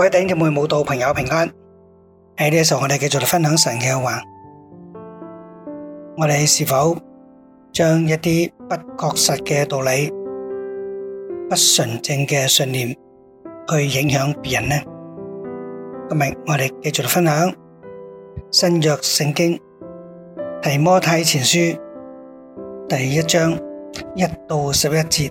各位慕道朋友平安，喺呢個時候，我哋繼續嚟分享神嘅話。我哋是否將一啲不確實嘅道理、不純正嘅信念去影響別人呢？今日我哋繼續嚟分享新約聖經提摩太前書第一章一到十一節。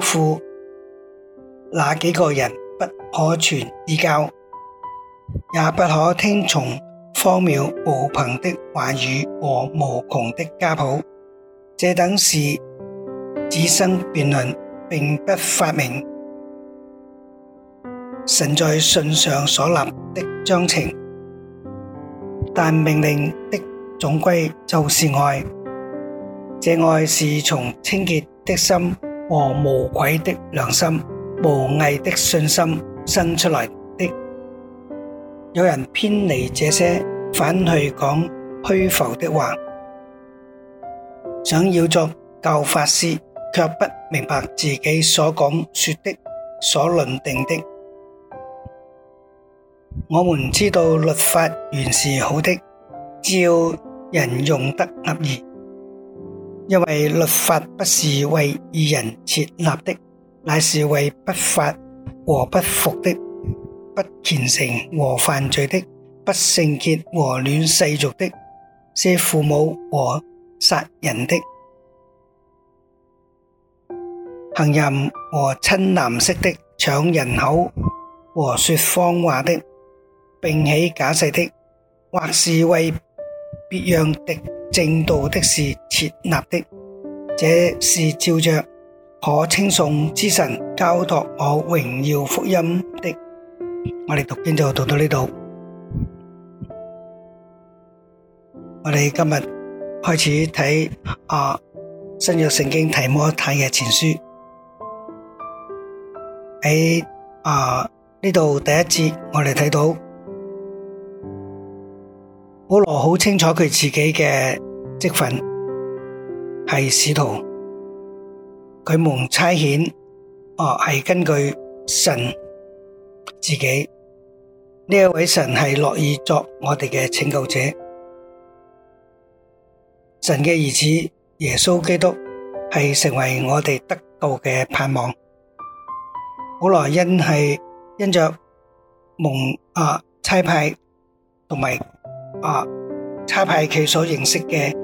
囑咐那幾個人不可傳異教，也不可聽從荒謬無憑的話語和無窮的家譜。這等事只生辯論，並不發明神在信上所立的章程。但命令的總歸就是愛，這愛是從清潔的心。和無，無愧的良心、無畏的信心生出來的。有人偏離這些，反去講虛浮的話，想要作教法師，却不明白自己所講說的、所論定的。我們知道律法原是好的，只要人用得合宜。因為律法不是為義人設立的，乃是為不法和不服的、不虔誠和犯罪的、不聖潔和戀世俗的、弒父母和殺人的、行淫和親男色的、搶人口和說謊話的、並起假誓的，或是為別樣的。正道的是設立的，這是照着可稱頌之神交託我榮耀福音的。我哋讀經就讀到呢度。我哋今日開始睇啊新約聖經提摩太嘅前書喺啊呢度第一節，我哋睇到保羅好清楚佢自己嘅。積份係使徒，佢蒙差遣，哦，係根據神自己，呢一位神係樂意作我哋嘅拯救者，神嘅兒子耶穌基督係成為我哋得到嘅盼望。保羅因係因着蒙啊差派同埋啊差派佢所認識嘅。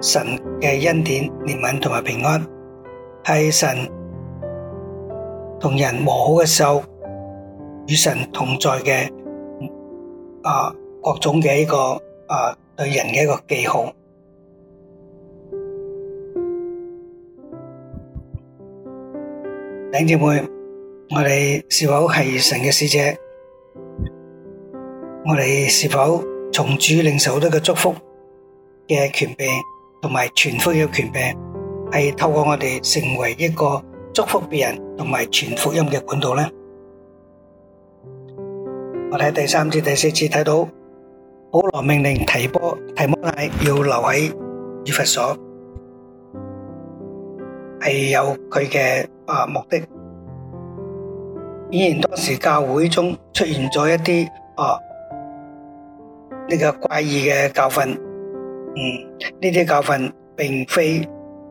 神嘅恩典、憐憫同埋平安，係神同人和好嘅時候，與神同在嘅啊各種嘅一個啊對人嘅一個記號。弟兄姊妹，我哋是否係神嘅使者？我哋是否從主領受好多嘅祝福嘅權柄？同埋傳福音嘅權柄，係透過我哋成為一個祝福別人同埋傳福音嘅管道咧。我睇第三次、第四次睇到保羅命令提波、提摩太要留喺以弗所，係有佢嘅啊目的。顯然當時教會中出現咗一啲啊呢個怪異嘅教訓。嗯，呢啲教訓並非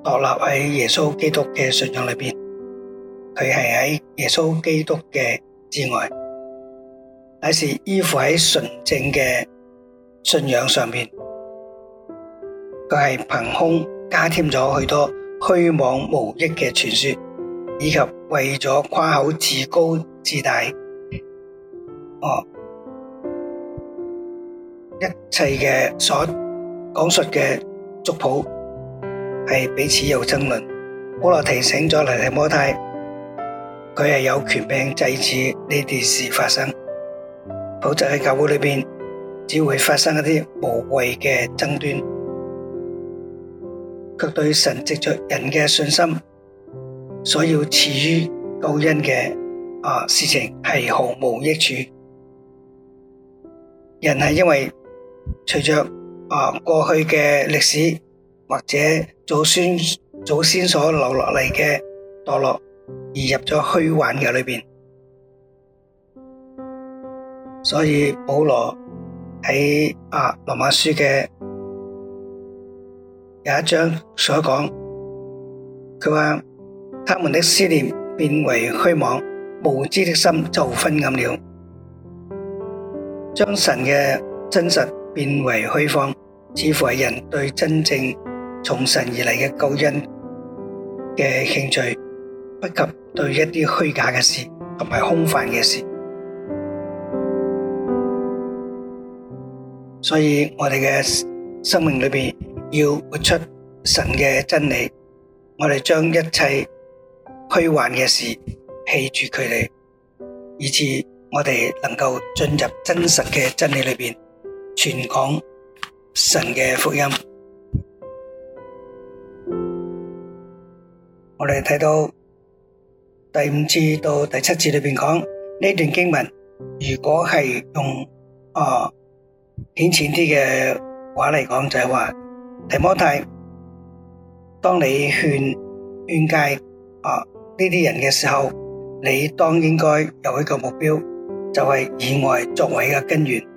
獨立喺耶穌基督嘅信仰裏邊，佢係喺耶穌基督嘅之外，乃是依附喺純正嘅信仰上邊。佢係憑空加添咗許多虛妄無益嘅傳說，以及為咗誇口自高自大，哦，一切嘅所。講述的族譜是彼此有爭論，保羅提醒了尼提摩太，他是有權柄制止這啲事發生，否則在教會裏面只會發生一些無謂的爭端，卻對神藉着人的信心所要賜予救恩的、啊、事情是毫無益處。人是因為隨着。啊！過去嘅歷史或者祖先祖先所留落嚟嘅墮落，移入咗虛幻嘅裏邊。所以保羅喺啊羅馬書嘅有一章所講，佢話他們的思念變為虛妄，無知的心就昏暗了，將神嘅真實。變為虛妄，似乎係人對真正從神而嚟嘅救恩嘅興趣，不及對一啲虛假嘅事同埋空泛嘅事。所以我哋嘅生命裏邊要活出神嘅真理，我哋將一切虛幻嘅事棄絕佢哋，以致我哋能夠進入真實嘅真理裏邊。全港神嘅福音，我哋睇到第五至到第七節裏邊講呢段經文，如果係用啊顯淺啲嘅話嚟講，就係話提摩太，當你勸勸誡啊呢啲人嘅時候，你當應該有一個目標，就係以外作為嘅根源。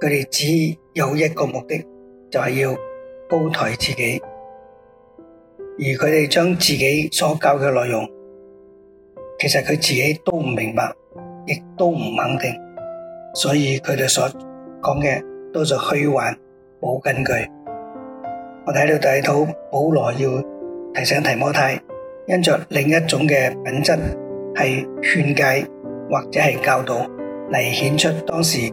佢哋只有一個目的，就係要高抬自己，而佢哋將自己所教嘅內容，其實佢自己都唔明白，亦都唔肯定，所以佢哋所講嘅都係虛幻，冇根據。我睇到第一套保羅要提醒提摩太，因着另一種嘅品質係勸誡或者係教導嚟顯出當時。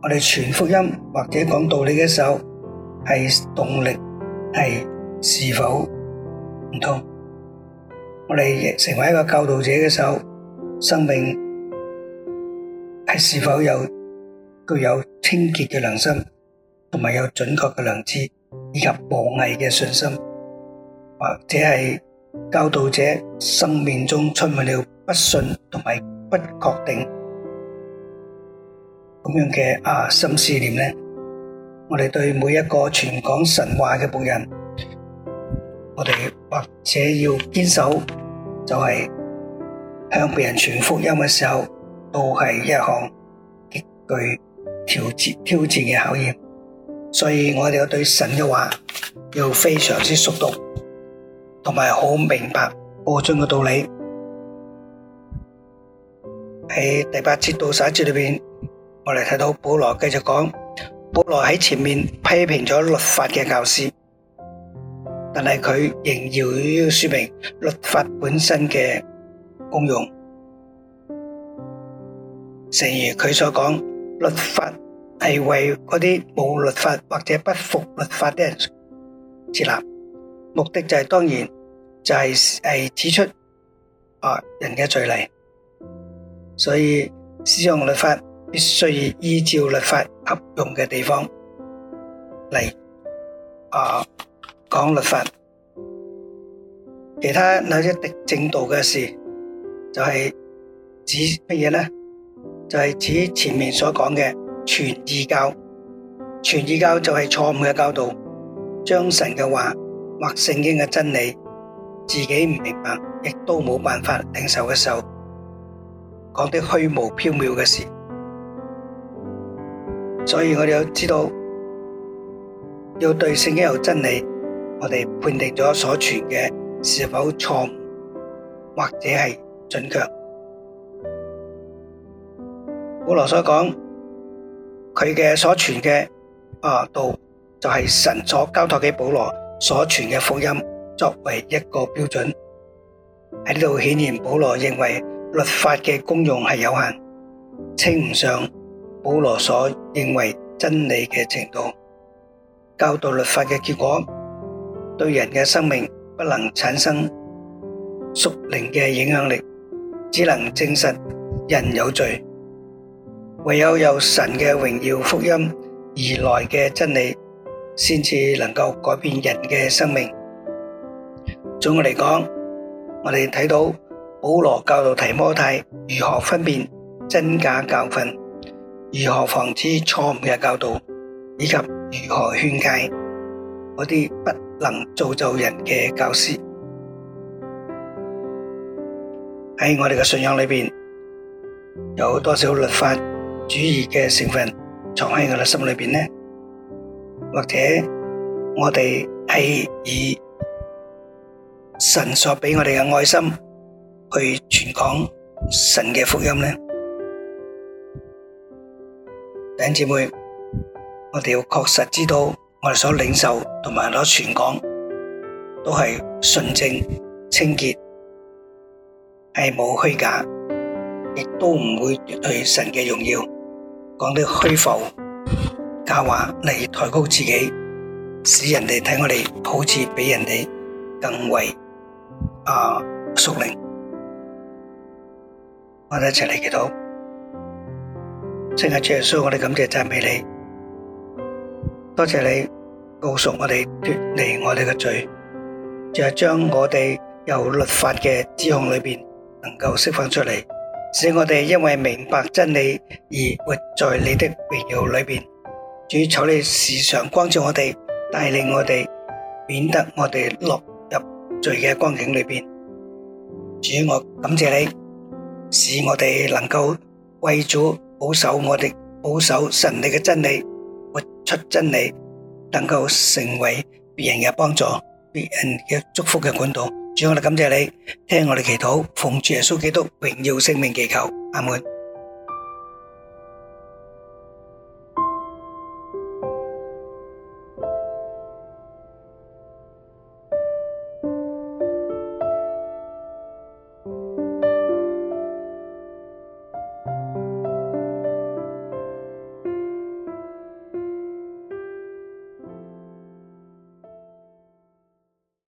我哋傳福音或者講道理嘅時候係動力，係是否唔通？我哋成為一個教導者嘅時候，生命係是否有具有清潔嘅良心，同埋有準確嘅良知，以及博毅嘅信心，或者係教導者生命中充滿咗不信同埋不確定？咁樣嘅啊，心思念呢，我哋對每一個傳講神話嘅僕人，我哋或者要堅守，就係向別人傳福音嘅時候，都係一項極具挑戰挑戰嘅考驗。所以我哋對神嘅話要非常之熟讀，同埋好明白無盡嘅道理。喺第八節到十一節裏面。我哋睇到保羅繼續講，保羅喺前面批評咗律法嘅教師，但係佢仍要要說明律法本身嘅功用。正如佢所講，律法係為嗰啲冇律法或者不服律法啲人設立，目的就係當然就係係指出啊人嘅罪例，所以使用律法。必須依照律法合用嘅地方嚟啊講律法，其他那些敵正道嘅事，就係、是、指乜嘢咧？就係、是、指前面所講嘅傳異教，傳異教就係錯誤嘅教導，將神嘅話或聖經嘅真理，自己唔明白，亦都冇辦法領受嘅時候，講啲虛無縹緲嘅事。所以我哋要知道，要對聖經有真理，我哋判定咗所傳嘅是否錯誤，或者係準確。保羅所講，佢嘅所傳嘅啊道，就係神所交託畀保羅所傳嘅福音，作為一個標準。喺呢度顯然，保羅認為律法嘅功用係有限，稱唔上。保羅所認為真理嘅程度，教導律法嘅結果，對人嘅生命不能產生屬靈嘅影響力，只能證實人有罪。唯有有神嘅榮耀福音而來嘅真理，先至能夠改變人嘅生命。總嘅嚟講，我哋睇到保羅教導提摩太如何分辨真假教訓。如何防止錯誤嘅教導，以及如何勸誡嗰啲不能造就人嘅教師？喺我哋嘅信仰裏面，有多少律法主義嘅成分藏喺我哋心裏面呢？或者我哋係以神所畀我哋嘅愛心去傳講神嘅福音呢？頂姐妹，我哋要確實知道，我哋所領受同埋所傳講都是純正、清潔，係冇虛假，亦都唔會奪去神嘅榮耀。講啲虛浮假話嚟抬高自己，使人哋睇我哋好似比人哋更為啊、呃、屬靈。我們一齊嚟祈禱。聖啊，主耶穌，我哋感謝讚美你，多謝你告訴我哋脱離我哋嘅罪，就啊，將我哋由律法嘅指控裏邊能夠釋放出嚟，使我哋因為明白真理而活在你的榮耀裏邊。主求你時常光照我哋，帶領我哋，免得我哋落入罪嘅光景裏邊。主，我感謝你，使我哋能夠為咗。保守我哋保守神你嘅真理，活出真理，能夠成為別人嘅幫助、別人嘅祝福嘅管道。主，我哋感謝你，聽我哋祈禱，奉主耶穌基督榮耀聖名祈求，阿門。